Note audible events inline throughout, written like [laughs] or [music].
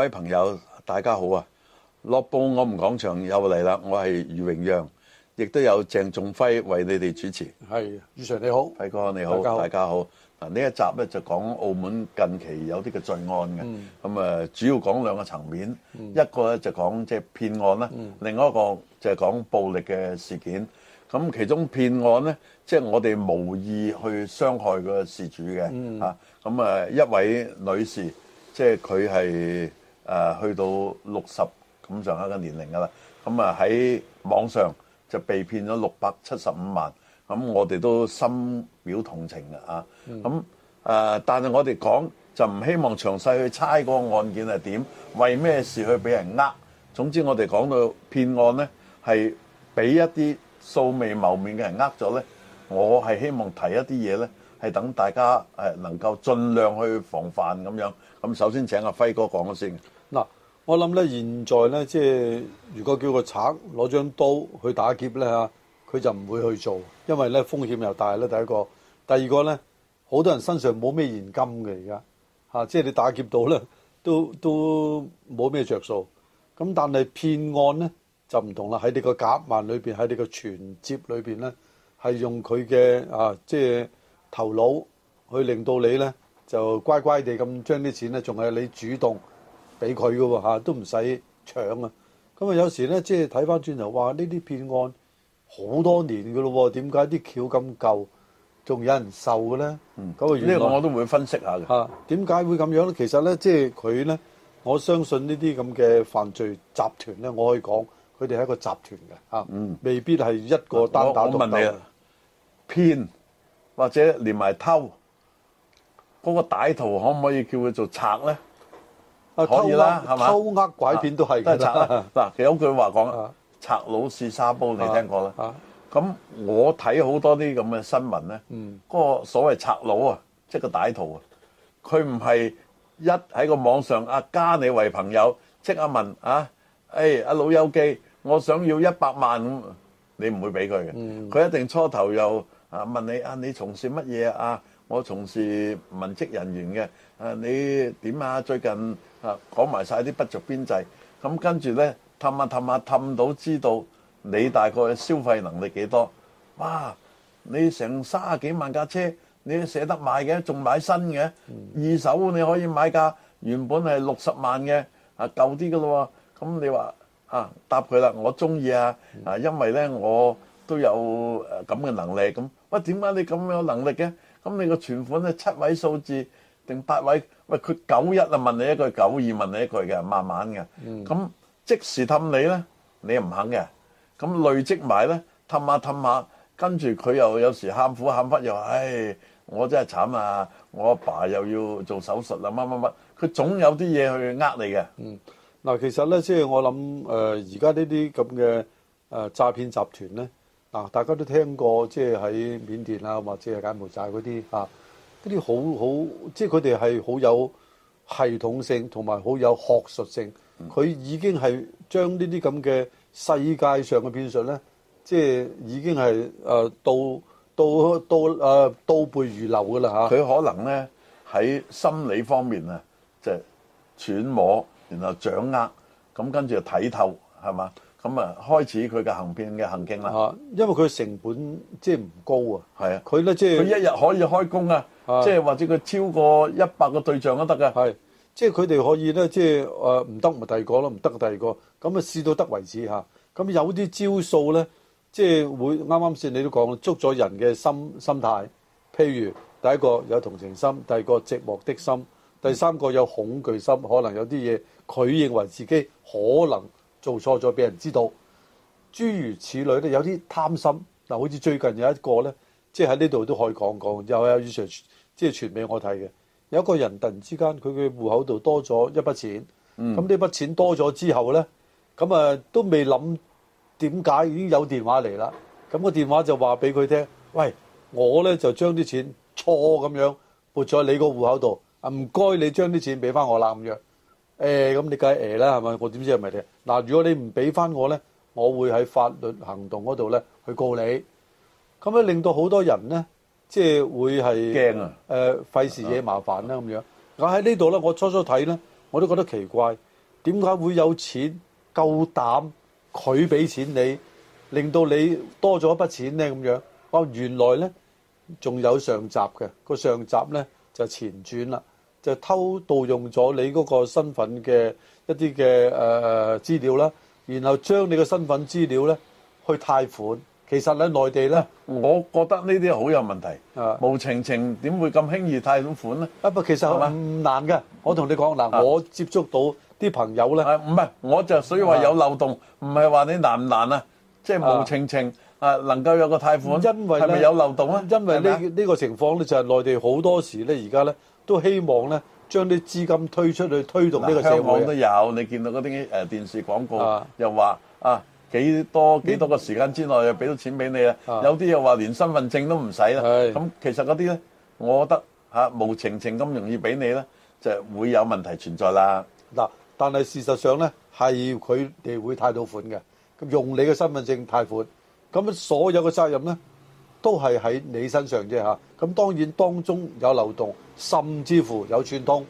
各位朋友，大家好啊！樂報我們講場又嚟啦，我係余榮讓，亦都有鄭仲輝為你哋主持。係余常你好，輝哥你好，大家好。嗱呢一集咧就講澳門近期有啲嘅罪案嘅，咁啊、嗯、主要講兩個層面，一個咧就講即係騙案啦，另外一個就係講、嗯、暴力嘅事件。咁其中騙案咧，即、就、係、是、我哋無意去傷害個事主嘅吓。咁、嗯、啊一位女士，即係佢係。誒去到六十咁上下嘅年齡㗎啦，咁啊喺網上就被騙咗六百七十五萬，咁我哋都深表同情㗎。啊。咁誒，但係我哋講就唔希望詳細去猜嗰個案件係點，為咩事去俾人呃。總之我哋講到騙案呢，係俾一啲素未謀面嘅人呃咗呢，我係希望提一啲嘢呢，係等大家誒能夠盡量去防範咁樣。咁首先請阿輝哥講先。我諗咧，現在咧，即係如果叫個賊攞張刀去打劫咧吓，佢就唔會去做，因為咧風險又大咧。第一個，第二個咧，好多人身上冇咩現金嘅，而家吓，即係你打劫到咧，都都冇咩着數。咁但係騙案咧就唔同啦，喺你個夾萬裏邊，喺你個存摺裏邊咧，係用佢嘅啊，即係頭腦去令到你咧就乖乖地咁將啲錢咧，仲係你主動。俾佢噶喎，嚇都唔使搶啊！咁啊，有時咧，即係睇翻轉頭，話，呢啲騙案好多年噶咯，點解啲橋咁舊，仲有人受嘅咧？嗯，咁原來呢個我都會分析下嘅。嚇、啊，點解會咁樣咧？其實咧，即係佢咧，我相信呢啲咁嘅犯罪集團咧，我可以講，佢哋係一個集團嘅嚇，啊、嗯，未必係一個單打獨鬥。我問你啊，騙或者連埋偷，嗰、那個歹徒可唔可以叫佢做賊咧？啊、可以啦，係咪？偷呃拐騙都係，都係、啊、賊、 [laughs] 啊、其實有句話講，啊、賊佬試沙煲，啊、你聽過啦？咁、啊、我睇好多啲咁嘅新聞呢嗰、嗯、個所謂賊佬啊，即、就、係、是、個歹徒啊，佢唔係一喺個網上啊加你為朋友，即刻問啊，哎，阿老友記，我想要一百萬你唔會俾佢嘅。佢、嗯、一定初頭又啊問你啊，你從事乜嘢啊？我從事文職人員嘅，啊你點啊？最近啊，講埋曬啲不著邊際，咁跟住咧氹下氹下氹到知道你大概消費能力幾多？哇！你成三啊幾萬架車，你捨得買嘅，仲買新嘅，二手你可以買架原本係六十萬嘅，啊舊啲嘅咯喎。咁你話嚇答佢啦，我中意啊，啊因為咧我都有咁嘅能力咁。喂，點解你咁有能力嘅？咁你個存款係七位數字定八位？喂，佢九一啊問你一句，九二問你一句嘅，慢慢嘅。咁即時氹你咧，你又唔肯嘅。咁累積埋咧，氹下氹下，跟住佢又有時喊苦喊忽，又話：唉，我真係慘啊！我阿爸又要做手術啦，乜乜乜。佢總有啲嘢去呃你嘅。嗯，嗱，其實咧，即係我諗，誒，而家呢啲咁嘅誒詐騙集團咧，嗱，大家都聽過，即係喺緬甸啊，或者係柬埔寨嗰啲嚇。呢啲好好，即係佢哋係好有系統性，同埋好有學術性。佢已經係將呢啲咁嘅世界上嘅騙術咧，即係已經係誒、啊、到到到誒倒、啊、背如流嘅啦嚇。佢可能咧喺心理方面啊，就係、揣摩，然後掌握，咁跟住就睇透，係嘛？咁啊，開始佢嘅行騙嘅行徑啦。因為佢成本即係唔高啊，係啊，佢咧即係佢一日可以開工啊，即係或者佢超過一百個對象都得嘅，係，即係佢哋可以咧，即係誒唔得咪第二個咯，唔得第二個，咁啊試到得為止嚇。咁有啲招數咧，即係會啱啱先你都講，捉咗人嘅心心態。譬如第一個有同情心，第二個寂寞的心，第三個有恐懼心，嗯、可能有啲嘢佢認為自己可能。做錯咗俾人知道，諸如此類咧，有啲貪心。嗱，好似最近有一個呢，即係喺呢度都可以講講，又有以前即係傳俾我睇嘅。有一個人突然之間，佢嘅戶口度多咗一筆錢。咁呢、嗯、筆錢多咗之後呢，咁啊都未諗點解已經有電話嚟啦。咁個電話就話俾佢聽：喂，我呢，就將啲錢錯咁樣撥咗你個戶口度。唔該，你將啲錢俾翻我啦咁樣。誒咁你梗係誒啦，係咪？我點知係咪嘅？嗱，如果你唔俾翻我咧，我會喺法律行動嗰度咧去告你。咁樣令到好多人咧，即係會係驚啊！誒，費事惹麻煩啦咁樣。我喺呢度咧，我初初睇咧，我都覺得奇怪，點解會有錢夠膽佢俾錢你，令到你多咗一筆錢咧咁樣？哦，原來咧仲有上集嘅，個上集咧就前傳啦。就偷盜用咗你嗰個身份嘅一啲嘅誒資料啦，然後將你嘅身份資料咧去貸款。其實喺內地咧，我覺得呢啲好有問題。無情情點會咁輕易貸款咧？啊不，其實係唔難㗎。我同你講嗱，我接觸到啲朋友咧，唔係我就所以話有漏洞，唔係話你難唔難啊？即係無情情啊，能夠有個貸款，係咪有漏洞啊？因為呢呢個情況咧，就係內地好多時咧，而家咧。都希望咧，將啲資金推出去推動呢個社會。香港都有，你見到嗰啲誒電視廣告又話啊，啊幾多幾多個時間之內又俾到錢俾你啦，啊、有啲又話連身份證都唔使啦。咁、啊、其實嗰啲咧，我覺得嚇、啊、無情情咁容易俾你咧，就會有問題存在啦。嗱，但係事實上咧，係佢哋會貸到款嘅，用你嘅身份證貸款，咁所有嘅責任咧。都係喺你身上啫下，咁當然當中有漏洞，甚至乎有串通，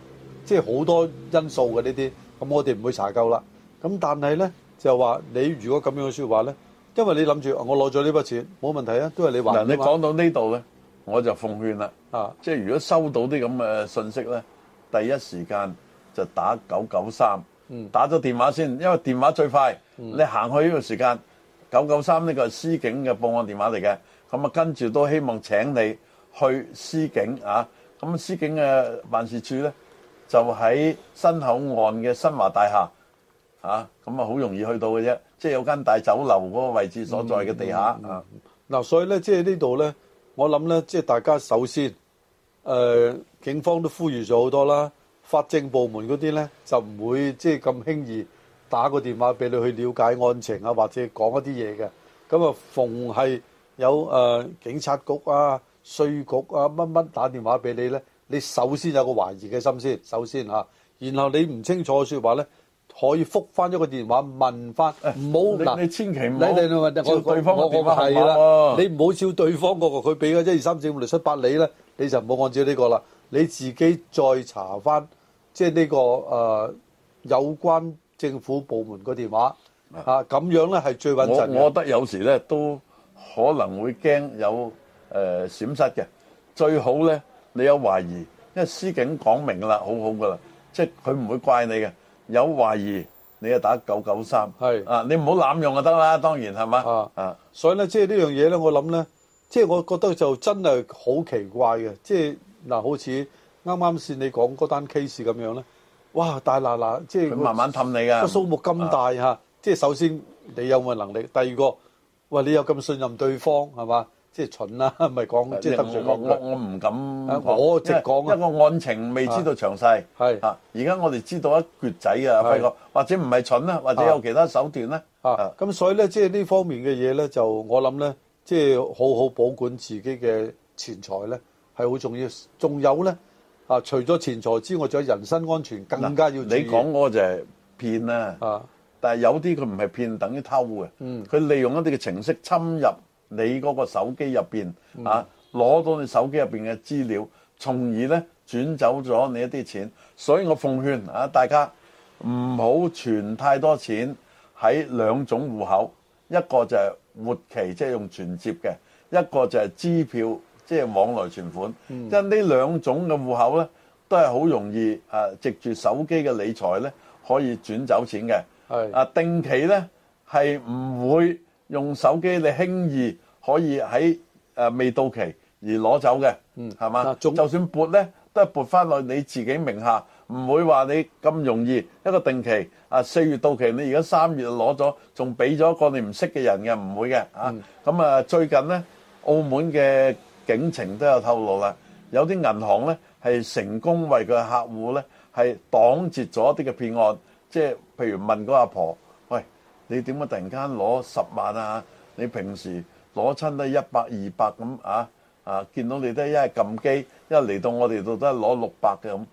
即係好多因素嘅呢啲。咁我哋唔會查究啦。咁但係呢，就話你如果咁樣嘅説話呢，因為你諗住我攞咗呢筆錢，冇問題啊，都係你話。嗱，你講到呢度呢，我就奉勸啦，啊，即係如果收到啲咁嘅信息呢，第一時間就打九九三，打咗電話先，因為電話最快，你行去呢個時間，九九三呢個係司警嘅報案電話嚟嘅。咁啊，跟住都希望請你去司警啊！咁司警嘅辦事處呢，就喺新口岸嘅新華大廈啊！咁啊，好容易去到嘅啫，即係有間大酒樓嗰個位置所在嘅地下啊、嗯！嗱、嗯嗯嗯嗯，所以呢，即係呢度呢，我諗呢，即係大家首先、呃，警方都呼籲咗好多啦，法政部門嗰啲呢，就唔會即係咁輕易打個電話俾你去了解案情啊，或者講一啲嘢嘅。咁啊，逢係。有誒警察局啊、稅局啊乜乜，打電話俾你咧，你首先有個懷疑嘅心先，首先嚇，然後你唔清楚說話咧，可以復翻一個電話問翻，唔好你你千祈唔好，你哋咪照對方電話係啦，你唔好照對方個個佢俾嘅一二三四五六七八你咧，你就唔好按照呢個啦，你自己再查翻，即係呢個誒有關政府部門個電話嚇，咁樣咧係最穩陣嘅。我覺得有時咧都。可能會驚有誒、呃、閃失嘅，最好咧你有懷疑，因為司警講明啦，好好噶啦，即係佢唔會怪你嘅。有懷疑你就打九九三，係啊，你唔好濫用就得啦。當然係嘛啊，啊所以咧即係呢樣嘢咧，我諗咧，即係我覺得就真係好奇怪嘅，即係嗱、啊、好似啱啱先你講嗰單 case 咁樣咧，哇！大嗱嗱，即係佢、那個、慢慢氹你嘅啊，個數目咁大嚇，即係首先你有冇能力，第二個。喂，你有咁信任對方係嘛？即係蠢啦、啊，係咪講即係我。我唔敢，我直講啊！因為個案情未知道詳細，嚇！而家我哋知道一橛仔是啊，費過是，或者唔係蠢啦，或者有其他手段咧、啊。咁所以咧，即係呢方面嘅嘢咧，就我諗咧，即、就、係、是、好好保管自己嘅錢財咧，係好重要。仲有咧啊！除咗錢財之外，仲有人身安全更加要。你講嗰個就係騙啦、啊。啊但係有啲佢唔係騙，等於偷嘅。佢利用一啲嘅程式侵入你嗰個手機入邊，啊，攞到你手機入邊嘅資料，從而呢轉走咗你一啲錢。所以我奉勸啊，大家唔好存太多錢喺兩種戶口，一個就係活期，即係用存摺嘅；一個就係支票，即係往來存款。因呢兩種嘅戶口呢，都係好容易啊，藉住手機嘅理財呢，可以轉走錢嘅。係啊，定期咧係唔會用手機你輕易可以喺誒未到期而攞走嘅，係嘛？就算撥咧都係撥翻落你自己名下，唔會話你咁容易一個定期啊四月到期，你而家三月攞咗，仲俾咗一個你唔識嘅人嘅，唔會嘅啊。咁啊，最近咧澳門嘅警情都有透露啦，有啲銀行咧係成功為佢客戶咧係擋截咗一啲嘅騙案。即係譬如問個阿婆，喂，你點會突然間攞十萬啊？你平時攞親都一百二百咁啊啊！見到你都一係撳機，一係嚟到我哋度都係攞六百嘅咁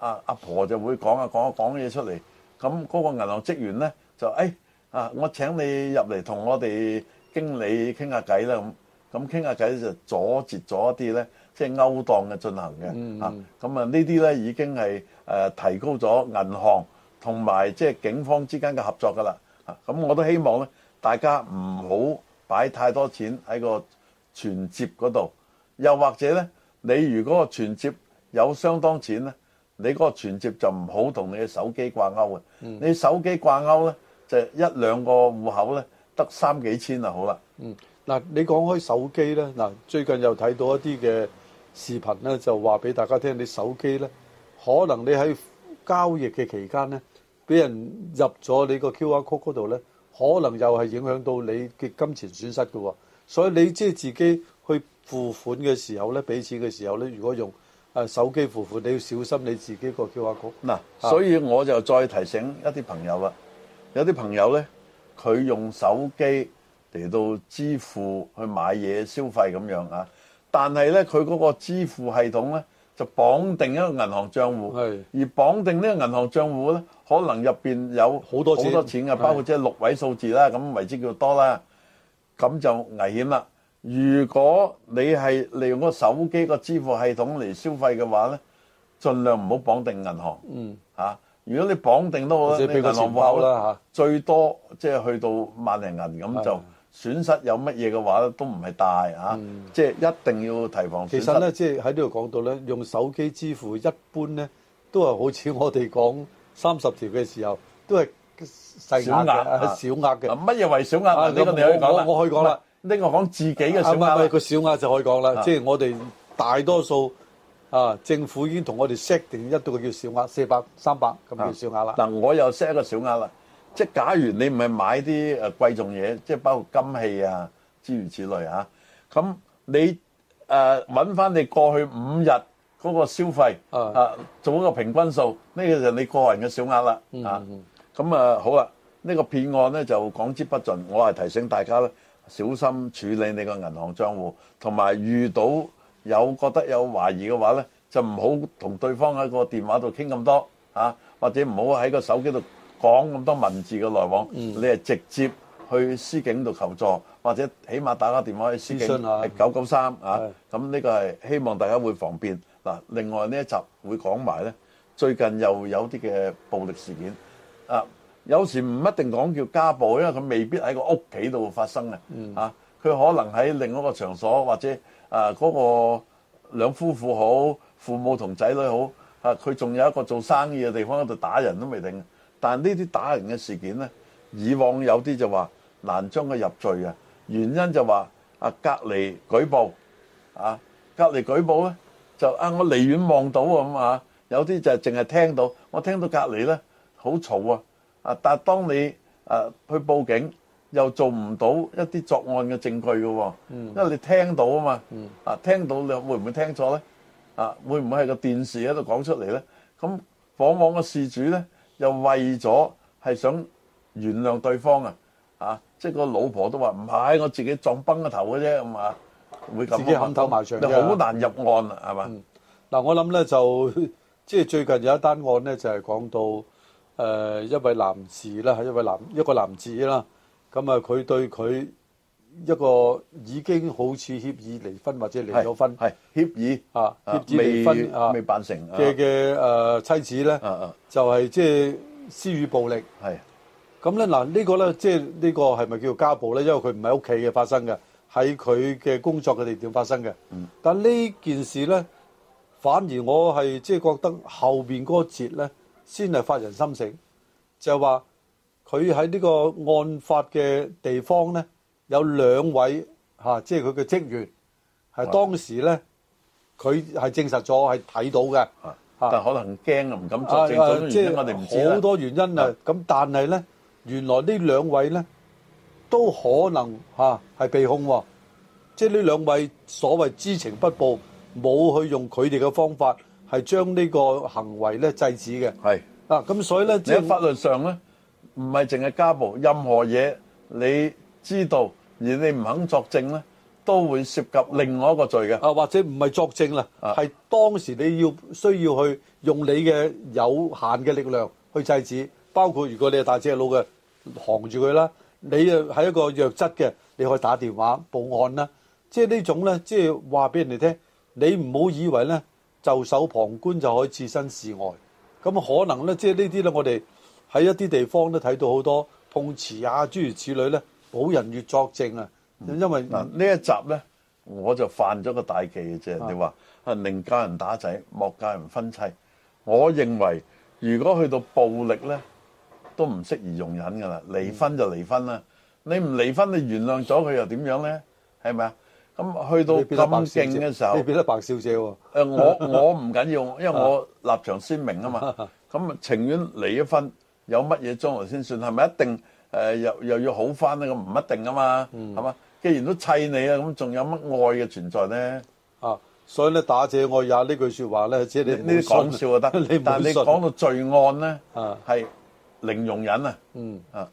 啊！阿婆就會講啊講啊講嘢出嚟，咁嗰個銀行職員呢，就誒啊，我請你入嚟同我哋經理傾下偈啦咁，咁傾下偈就阻截咗一啲呢，即係勾當嘅進行嘅啊。咁啊呢啲呢已經係誒提高咗銀行。同埋即係警方之間嘅合作㗎啦，咁我都希望呢，大家唔好擺太多錢喺個存摺嗰度，又或者呢，你如果個存摺有相當錢呢，你嗰個存摺就唔好同你嘅手機掛鈎嘅，你手機掛鈎呢，就一兩個戶口呢，得三幾千就好啦。嗯。嗯，嗱你講開手機呢，嗱最近又睇到一啲嘅視頻呢，就話俾大家聽，你手機呢，可能你喺交易嘅期間呢，俾人入咗你個 QR Code 嗰度呢，可能又係影響到你嘅金錢損失嘅喎、哦。所以你即係自己去付款嘅時候呢，俾錢嘅時候呢，如果用誒手機付款，你要小心你自己個 QR Code。嗱、啊，所以我就再提醒一啲朋友啦，有啲朋友呢，佢用手機嚟到支付去買嘢消費咁樣啊，但係呢，佢嗰個支付系統呢，就綁定一個銀行帳戶，是而綁定呢個銀行帳戶咧，可能入邊有好多錢，好多錢嘅，包括即係六位數字啦，咁為之叫多啦，咁就危險啦。如果你係利用個手機個支付系統嚟消費嘅話咧，盡量唔好綁定銀行，嚇、嗯啊。如果你綁定都好，你銀行戶口啦嚇，最多即係去到萬零銀咁就。損失有乜嘢嘅話咧，都唔係大嚇，即係一定要提防損失。其實咧，即係喺呢度講到咧，用手機支付一般咧，都係好似我哋講三十條嘅時候，都係小額小額嘅。乜嘢為小額呢？你可以講啦。我可以講啦，呢個講自己嘅小額。我哋個小額就可以講啦。即係我哋大多數啊，政府已經同我哋 set 定一度叫小額四百三百咁叫小額啦。嗱，我又 set 一個小額啦。即係假如你唔係買啲誒貴重嘢，即係包括金器啊諸如此類嚇，咁你誒揾翻你過去五日嗰個消費啊，做一個平均數，呢個就你個人嘅小額啦嚇。咁啊好啦，呢個騙案咧就講之不盡，我係提醒大家小心處理你個銀行帳戶，同埋遇到有覺得有懷疑嘅話咧，就唔好同對方喺個電話度傾咁多嚇，或者唔好喺個手機度。講咁多文字嘅來往，嗯、你係直接去司警度求助，或者起碼打個電話去司警，係九九三啊。咁呢個係希望大家會方便嗱、啊。另外呢一集會講埋咧，最近又有啲嘅暴力事件啊。有時唔一定講叫家暴，因為佢未必喺個屋企度發生、嗯、啊。佢可能喺另一個場所，或者嗰、啊嗰個兩夫婦好，父母同仔女好啊。佢仲有一個做生意嘅地方喺度打人都未定。但呢啲打人嘅事件呢，以往有啲就話難將佢入罪啊，原因就話啊隔離舉報啊，隔離舉報呢，就啊我離遠望到咁啊，有啲就淨係聽到，我聽到隔離呢，好嘈啊啊！但當你啊去報警又做唔到一啲作案嘅證據嘅喎，因為你聽到啊嘛啊聽到你會唔會聽錯呢？啊？會唔會係個電視喺度講出嚟呢？咁往往嘅事主呢。又為咗係想原諒對方啊，啊！即個老婆都話唔係，我自己撞崩個頭嘅啫，咁啊，會自己冚頭埋牆，好難入案啊，係嘛？嗱，我諗咧就即係最近有一單案咧，就係講到誒、呃、一位男士啦，係一位男一個男子啦，咁啊佢、啊、對佢。一個已經好似協議離婚或者離咗婚協議啊，協議離婚啊，未婚啊，未辦成嘅嘅、啊呃、妻子咧、啊啊就是，就係即係施予暴力係咁咧嗱。是呢、呢個咧即係呢、就是呢個係咪叫家暴咧？因為佢唔喺屋企嘅發生嘅，喺佢嘅工作嘅地點發生嘅。但呢件事咧，反而我係即係覺得後面嗰節咧先係發人心醒，就係話佢喺呢個案發嘅地方咧。有兩位嚇，即係佢嘅職員，係當時咧，佢係證實咗係睇到嘅。嚇，但係可能驚又唔敢作證。咁好多原因啊！咁但係咧，原來呢兩位咧都可能嚇係被控喎。即係呢兩位所謂知情不報，冇去用佢哋嘅方法係將呢個行為咧制止嘅。係嗱，咁所以咧，你喺法律上咧，唔係淨係家暴，任何嘢你知道。而你唔肯作證呢都會涉及另外一個罪嘅。啊，或者唔係作證啦，係、啊、當時你要需要去用你嘅有限嘅力量去制止，包括如果你係大隻佬嘅，扛住佢啦。你又係一個弱質嘅，你可以打電話報案啦。即係呢種呢，即係話俾人哋聽，你唔好以為呢袖手旁觀就可以置身事外。咁可能呢，即係呢啲呢，我哋喺一啲地方都睇到好多碰瓷啊，諸如此類呢。冇人越作證啊！因為嗱呢一集咧，我就犯咗個大忌嘅啫。是的 你話啊，寧教人打仔，莫教人分妻。我認為如果去到暴力咧，都唔適宜容忍噶啦。離婚就離婚啦。你唔離婚，你原諒咗佢又點樣咧？係咪啊？咁去到咁勁嘅時候，你變得白少少喎？誒，我我唔緊要，因為我立場鮮明啊嘛。咁啊，情願離咗婚，有乜嘢將來先算？係咪一定？誒、呃、又又要好翻咧？咁唔一定啊嘛，係嘛、嗯？既然都砌你啊，咁仲有乜愛嘅存在呢？啊！所以咧，打者愛也句呢句、就是、說話咧，即係你講笑就得。你但係你講到罪案咧，係、啊、零容忍啊！嗯啊，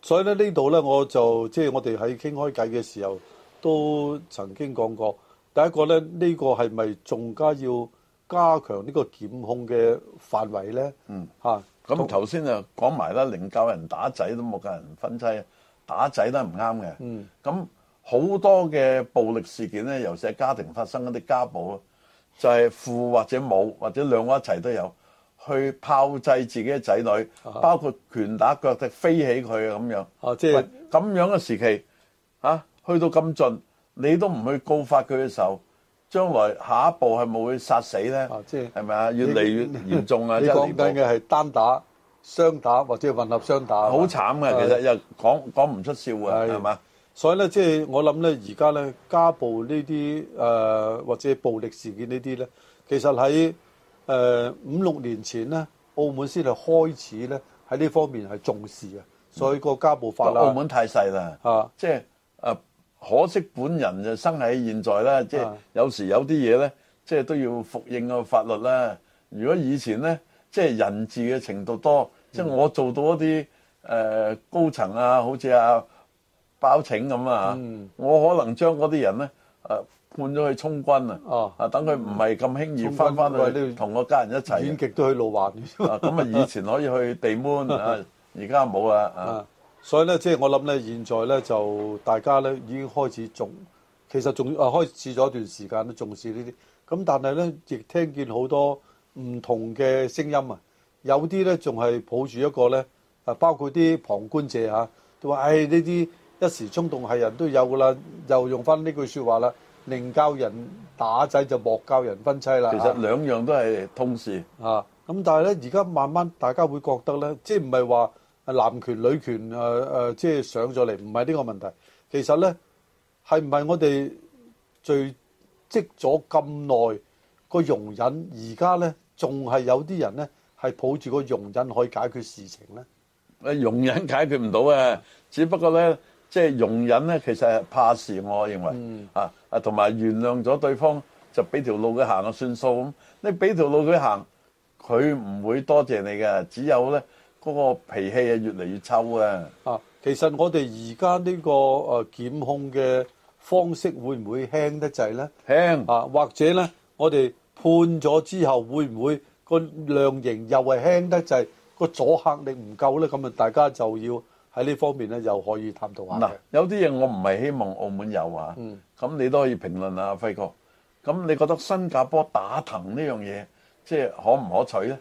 所以咧呢度咧，我就即係、就是、我哋喺傾開偈嘅時候都曾經講過。第一個咧，呢、呢個係咪仲加要加強呢個檢控嘅範圍咧？嗯啊。咁頭先就講埋啦，寧教人打仔都冇教人分妻，打仔都係唔啱嘅。咁好、嗯、多嘅暴力事件咧，尤其係家庭發生嗰啲家暴，就係、是、父或者母或者兩個一齊都有去炮製自己嘅仔女，包括拳打腳踢、飛起佢咁樣。哦、啊，即係咁樣嘅時期，啊、去到咁盡，你都唔去告發佢嘅時候。將來下一步係咪會殺死咧？係咪啊？就是、是是越嚟越嚴重啊！你講緊嘅係單打、雙打或者混合雙打，好慘嘅是其實又講講唔出笑嘅係嘛？是吧所以咧，即、就、係、是、我諗咧，而家咧家暴呢啲誒或者暴力事件呢啲咧，其實喺誒五六年前咧，澳門先係開始咧喺呢方面係重視啊，所以個家暴法啦，嗯、澳門太細啦，嚇即是、就是可惜本人就生喺現在啦，即、就、係、是、有時有啲嘢咧，即、就、係、是、都要服應個法律啦。如果以前咧，即、就、係、是、人治嘅程度多，即、就、係、是、我做到一啲誒、呃、高層啊，好似啊包拯咁啊、嗯、我可能將嗰啲人咧誒判咗去充軍啊，軍啊等佢唔係咁輕易翻翻軍去同個家人一齊、啊、演劇都去路環，咁啊， [laughs] 啊以前可以去地門啊，而家冇啦啊。啊。所以咧，即係我諗咧，現在咧就大家咧已經開始重，其實仲啊開始咗一段時間都重視呢啲。咁但係咧，亦聽見好多唔同嘅聲音啊，有啲咧仲係抱住一個咧啊，包括啲旁觀者啊、哎，都話，唉，呢啲一時衝動係人都有㗎啦，又用翻呢句說話啦，寧教人打仔就莫教人分妻啦。其實兩樣都係通事啊。咁但係咧，而家慢慢大家會覺得咧，即係唔係話。男權女權誒、呃呃、即係上咗嚟，唔係呢個問題。其實呢，係唔係我哋最積咗咁耐個容忍，而家呢，仲係有啲人呢，係抱住個容忍可以解決事情呢？容忍解決唔到嘅，只不過呢，即係容忍呢，其實係怕事、啊。我認為啊、嗯、啊，同埋原諒咗對方就俾條路佢行就算數咁、啊。你俾條路佢行，佢唔會多謝，謝你嘅。只有呢。不過脾氣啊，越嚟越臭啊！啊，其實我哋而家呢個誒檢控嘅方式會唔會輕得滯呢？輕啊，或者呢，我哋判咗之後會唔會個量刑又係輕得滯？個阻嚇力唔夠呢，咁啊，大家就要喺呢方面呢又可以探討下。嗱、嗯，有啲嘢我唔係希望澳門有啊，咁、嗯、你都可以評論啊，輝哥。咁你覺得新加坡打藤呢樣嘢，即係可唔可取呢？嗯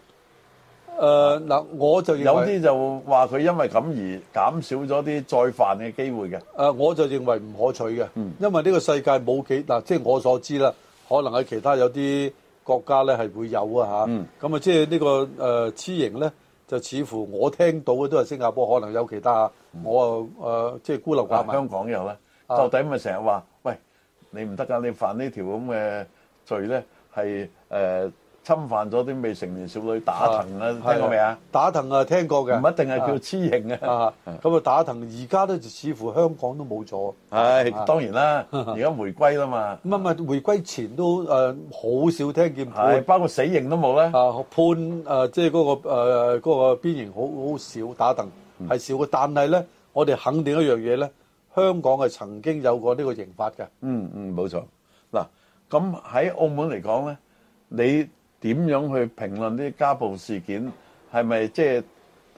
誒嗱，我就有啲就話佢因為咁而減少咗啲再犯嘅機會嘅。誒，我就認為唔、呃、可取嘅，嗯、因為呢個世界冇幾嗱、呃，即係我所知啦，可能喺其他有啲國家咧係會有啊吓，咁啊，即係、嗯呢個呃、呢個誒黐刑咧，就似乎我聽到嘅都係新加坡，可能有其他啊。我啊誒、呃，即係孤陋寡聞。香港有咧，就、呃、到底咪成日話，啊、喂，你唔得㗎，你犯呢條這罪呢條咁嘅罪咧，係誒？呃侵犯咗啲未成年少女打藤啊，聽過未啊？打藤啊，聽過嘅。唔一定係叫黐刑嘅。咁啊，打藤而家都似乎香港都冇咗。係當然啦，而家回歸啦嘛。唔係唔係，回歸前都誒好少聽見判，包括死刑都冇咧。啊判誒，即係嗰個誒嗰個鞭刑好好少打藤，係少嘅。但係咧，我哋肯定一樣嘢咧，香港係曾經有過呢個刑法嘅。嗯嗯，冇錯。嗱，咁喺澳門嚟講咧，你，點樣去評論啲家暴事件，係咪即係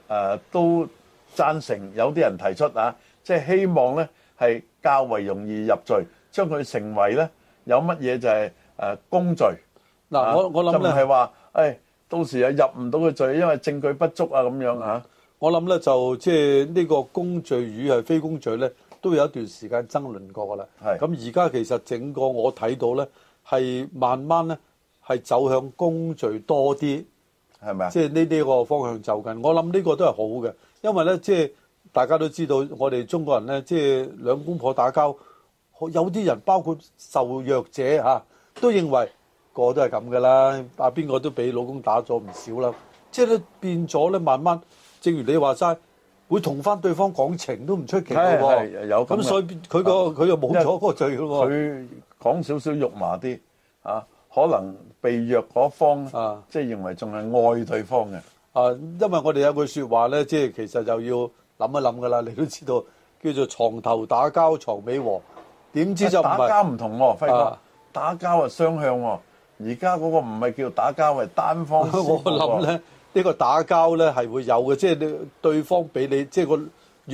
誒都贊成？有啲人提出啊，即係希望咧係較為容易入罪，將佢成為咧有乜嘢就係誒公罪。嗱，我我諗咧就唔係話誒到時啊入唔到個罪，因為證據不足啊咁樣啊。我諗咧就即係呢個公罪與係非公罪咧，都有一段時間爭論過㗎啦。咁而家其實整個我睇到咧係慢慢咧。係走向公罪多啲，係咪啊？即係呢啲個方向就近，我諗呢個都係好嘅，因為咧，即係大家都知道，我哋中國人咧，即係兩公婆打交，有啲人包括受弱者、啊、都認為個都係咁嘅啦。阿邊個都俾老公打咗唔少啦，即係咧變咗咧，慢慢正如你話齋，會同翻對方講情都唔出奇嘅喎、啊。有咁、嗯、所以佢、個佢又冇咗個個罪喎、啊。佢講少少肉麻啲吓可能被弱嗰方，即係認為仲係愛對方嘅、啊。啊，因為我哋有句説話咧，即係其實就要諗一諗噶啦，你都知道叫做床頭打交床尾和。點知就唔係打交唔同、哦，輝、啊、哥打交啊雙向喎、哦。而家嗰個唔係叫打交，係單方、哦。我諗咧，呢、呢個打交咧係會有嘅，即、就、係、是、對方俾你，即、就、係、是、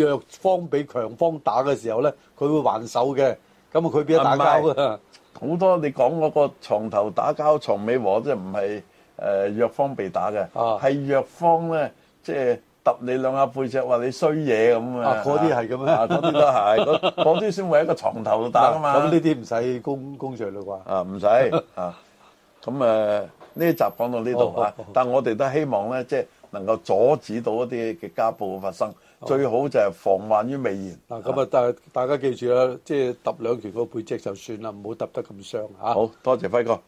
個弱方俾強方打嘅時候咧，佢會還手嘅。咁啊，佢邊打交㗎？好多你講嗰個床頭打交床尾和，即係唔係誒藥方被打嘅，係、啊、藥方咧即係揼你兩下背脊，話你衰嘢咁啊！嗰啲係咁咩？嗰啲、啊、都係，嗰嗰啲先會一個床頭打啊嘛！咁呢啲唔使工工序了啩？啊唔使啊！咁誒呢集講到呢度啊，呃、但我哋都希望咧，即、就、係、是、能夠阻止到一啲嘅家暴發生。好最好就是，防患於未然嗱，啊，大大家記住啦，即係揼拳條個背脊就算啦，唔好揼得咁傷嚇。好多謝輝哥。